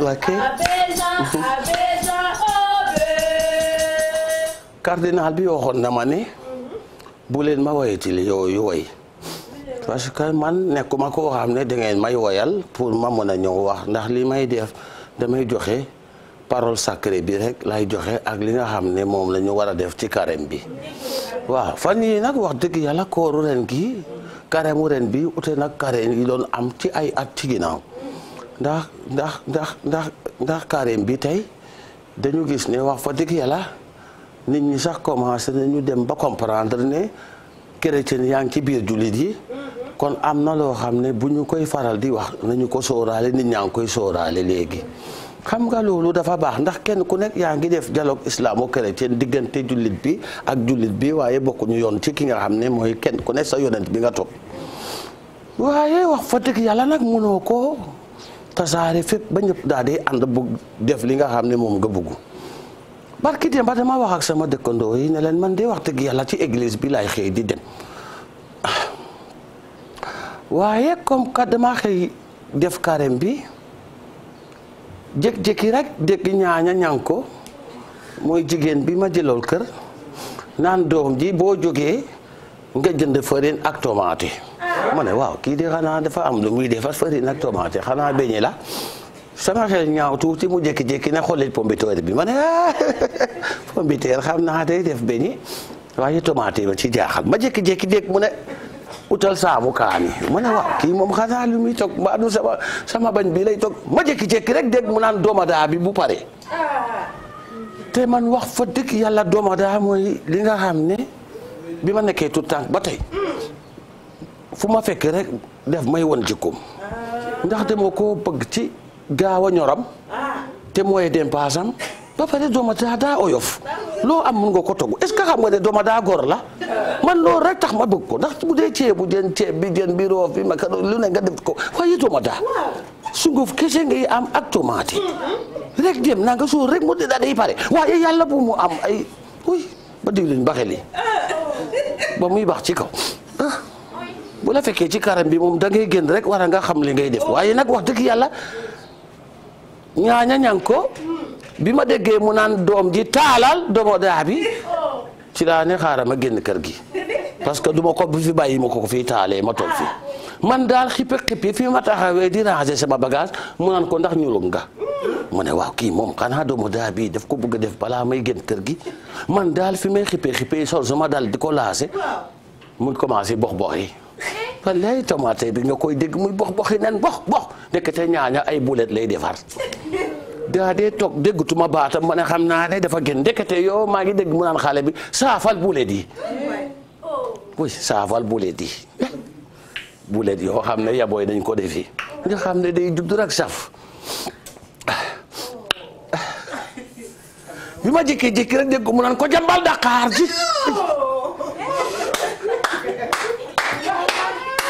ok cardinal bi waxoon na ma ne bu leen ma woyatil yooyu woy parce que man nekkuma koo xam ne dangeen may woyal pour ma mën a ñëw wax ndax li may def damay joxe parole sacrée bi rek lay joxe ak li nga xam ne moom lañu ñu war a def ci carême bi waaw fan yii nag wax dëgg yàlla kooru ren gi carême ren bi ute nag carême yi doon am ci ay at ci ginnaaw ndax ndax ndax ndax ndax carême bi tey dañu gis ne wax fa dëgg yàlla nit ñi sax commencé nañu dem ba comprendre ne chrétien yaa ngi ci biir jullit yi mm-hmm. kon am na loo xam ne bu ñu koy faral di wax nañu ko sóoraale nit ñaa ngi koy sóoraale léegi xam nga loolu dafa baax ndax kenn ku nekk yaa ngi def dialogue islamo-chrétien diggante jullit bi ak jullit bi waaye bokkuñu yoon ci ki nga xam ne mooy kenn ku nekk sa yonent bi nga topp waaye wax fa dëgg yàlla tasaare fépp ba ñëpp daal di ànd bu def li nga xam ne moom nga bëgg barki dem ba dama wax ak sama dëkkandoo yi ne leen man de wax dëgg yàlla ci église bi laay xëy di dem waaye comme que dama xëy def carême bi jékki-jékki rek dégg ñaaña ñang ko mooy jigéen bi ma jëlool kër naan doom ji boo jógee nga jënd farine ak tomate ma ne waaw kii de xanaa dafa am lu muy defar farine ak tomate xanaa beñe la sama xel ñaaw tuuti mu jékki-jékki ne xollit pombiteer bi ma ne ah pombiteer xam naa day def beñe waaye tomate ci jaaxal ma jekki jékki dégg mu ne utal ma ne kii moom xanaa lu muy toog sama bañ bi lay toog ma jékki rek dégg mu naan domadaa bi bu pare te man wax fa dëkk yàlla domadaa mooy li nga xam ne bi ma nekkee tout tànk ba tey fu ma fekk rek def may won jikkoom ndax dama ko bëgg ci gaaw a ñoram te mooy dem paasam ba pare dooma daa daa oyof loo am mun nga ko togg est ce que xam nga ne dooma daa la man loolu rek tax ma bëgg ko ndax mu dee ceebu jën ceeb bi jën bi roof bi maka lu ne nga def ko waaye dooma daa ke kese ngay am ak tomate rek dem naa nga suur rek mu de daa day pare waaye yàlla bu mu am ay uy ba diwlin baxeli ba muy bax ci kaw bu la fekkee ci karam bi moom da ngay génn rek war a xam li ngay def waaye nag wax dëgg yàlla ñaaña ñang ko bi ma déggee mu naan doom ji taalal doomu daa bi ci laa ne xaaral ma génn kër gi parce que du ma ko bu fi bàyyi ma ko ko fii taalee ma toog fi man daal xippe xippi ma taxawee di ranger sama bagage mu naan ko ndax ñuulum nga mu ne waaw kii moom xanaa doomu daa bii daf ko bëgg def balaa may génn kër gi man daal fi may xippe xippe sol sama daal di ko laase mu commencé box box yi wallaay tomate bi nga koy dégg muy box boxi nen box box ndekete ñaaña ay bulet lay defar daa dee toog déggatuma baatam ma ne xam naa ne dafa gën ndekete yoo maa ngi dégg mu naan xale bi saafal bulet yi oui bulet yi yoo xam ne yabooy dañ ko defi nga xam ne day judd bi ma jékki-jékki rek dégg mu naan ko jambal Dakar ji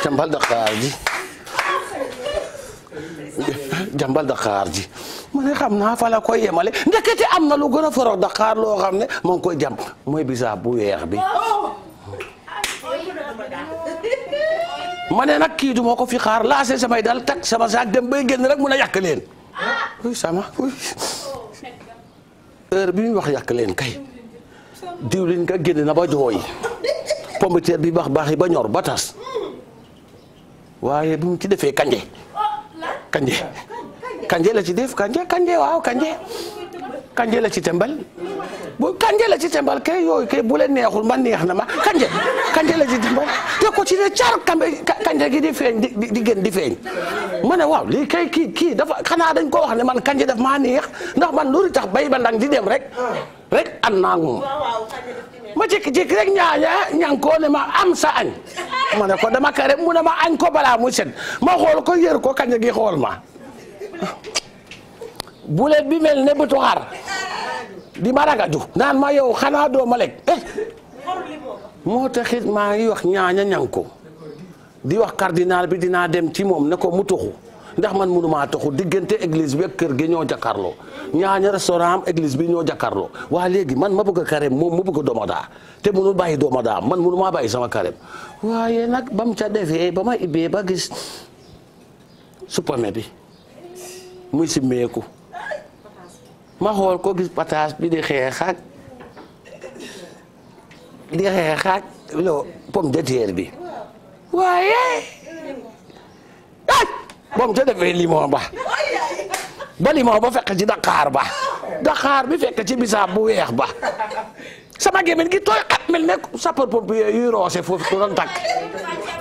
jàmbal Dakar ji jàmbal Dakar ji ma ne xam naa fala la koy yemale ndekete am na lu gën a forox Dakar loo xam ne maa koy jàmb mooy bisaab bu weex bi. ma ne nag kii du ko fi xaar laase samay dal tak sama saak dem bay génn rek mun a yàq leen. oui bi muy wax yàq leen kay diwlin ka génn na ba jooy pomme bi baax baax yi ba ñor ba tas. waaye bu mu ci defee kanje kanje kanje la ci def kanje kanje waaw kanje kanje la ci tembal bu kanje la ci tembal kay yooyu kay bu neexul ma neex na ma kanje kanje la ci tembal te ko ci ne car kambe kanje gi di feeñ di gën di feeñ ma ne waaw lii kay kii kii dafa xanaa dañ ko wax ne man kanje def maa neex ndax man loolu tax bay ba ndang di dem rek rek an naa moom ma jékki-jékki rek ñaa ñaa ña ko ne ma am sa añ ma ne ko dama kare mu ne ma añ ko balaa mu set ma xool ko yër ko kañ gi xool ma bule bi mel ne bëtu xar di ma ragaju naan ma yow xanaa doo lekk eh moo taxit maa ngi wax ñaaña ñang ko di wax cardinal bi dinaa dem ci moom ne ko mu tuxu ndax man maa taxu diggante église bi kër gi ñoo jàkkaarloo ñaaña restaurant am bi ñoo jàkkaarloo waa léegi man ma bëgg a carême moom ma bëgg a doomadaa te mënul bàyyi doomadaa man mënumaa bàyyi sama carême waaye nag ba mu ca defee ba ma ibbee ba gis supame bi muy si meeku ma xool ko gis pataas bi di xeex ak di xeex ak loo pomme de terre bi waaye moom ca defee limon ba ba limon ba fekk ci daqaar ba daqaar bi fekk ci bisaab bu weex ba sama gémmiñ gi tooy xat mel nekk sapeur pompier yuy roose foofu doon takk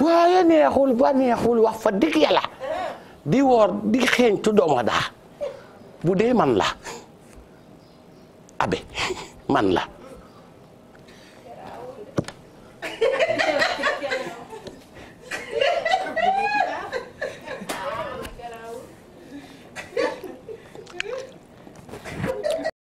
waaye neexul ba neexul wax fa dëgg yàlla di woor di xeeñtu dooma daa bu dee man la abe man la